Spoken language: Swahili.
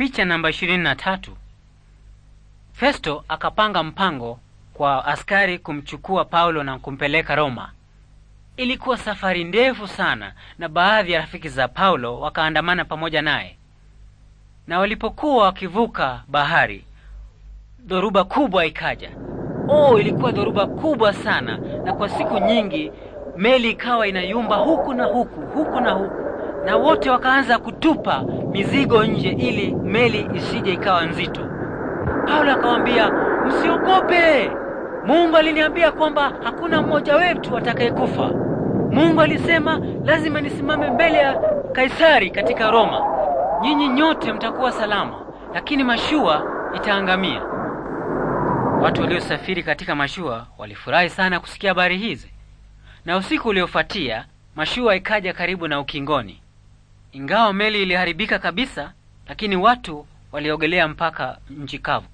Picha namba 23. Festo akapanga mpango kwa askari kumchukua Paulo na kumpeleka Roma. Ilikuwa safari ndefu sana na baadhi ya rafiki za Paulo wakaandamana pamoja naye. Na walipokuwa wakivuka bahari, dhoruba kubwa ikaja. Oh, ilikuwa dhoruba kubwa sana na kwa siku nyingi meli ikawa inayumba huku na huku, huku na huku. Na wote wakaanza kutupa mizigo nje ili meli isije ikawa nzito. Paulo akamwambia, msiogope, Mungu aliniambia kwamba hakuna mmoja wetu atakayekufa. Mungu alisema lazima nisimame mbele ya Kaisari katika Roma. Nyinyi nyote mtakuwa salama, lakini mashua itaangamia. Watu waliosafiri katika mashua walifurahi sana kusikia habari hizi, na usiku uliofuatia mashua ikaja karibu na ukingoni. Ingawa meli iliharibika kabisa, lakini watu waliogelea mpaka nchi kavu.